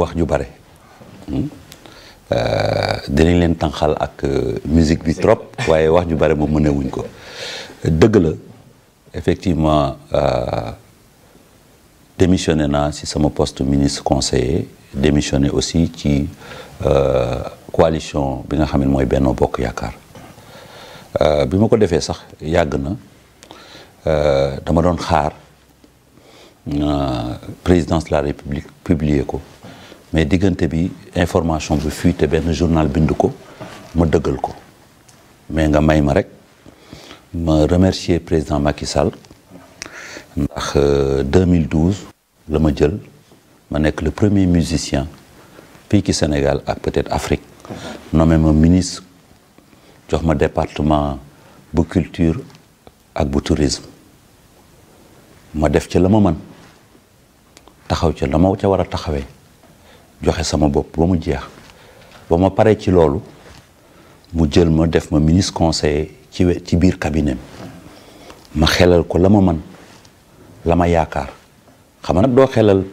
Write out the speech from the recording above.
wax ju bare hmm? euh, dinañ leen tànqal ak euh, musique bi trop waaye wax ju bare moom mënewuñ ko dëgg la effectivement euh, démissionné naa si sama poste ministre conseiller démissionné aussi ci coalition bi nga xam ne mooy Benno Bokk Yaakaar bi ma ko defee sax yàgg na dama doon xaar présidence de la République publier ko mais diggante bi information bi fuité benn journal bind ko ma dëggal ko mais nga may ma rek ma remercier président Macky Sall ndax 2012 euh, la ma jël ma nekk le premier musicien fii ci Sénégal ak peut-être Afrique nommé ma ministre jox ma département bu culture ak bu tourisme ma def ca la ma mën taxaw ca la ma ca war a taxawee joxe sama bopp ba mu jeex ba ma paree ci loolu mu jël ma def ma ministre conseiller ci ci biir cabinet ma xelal ko la ma man la ma yaakaar xam nag doo xelal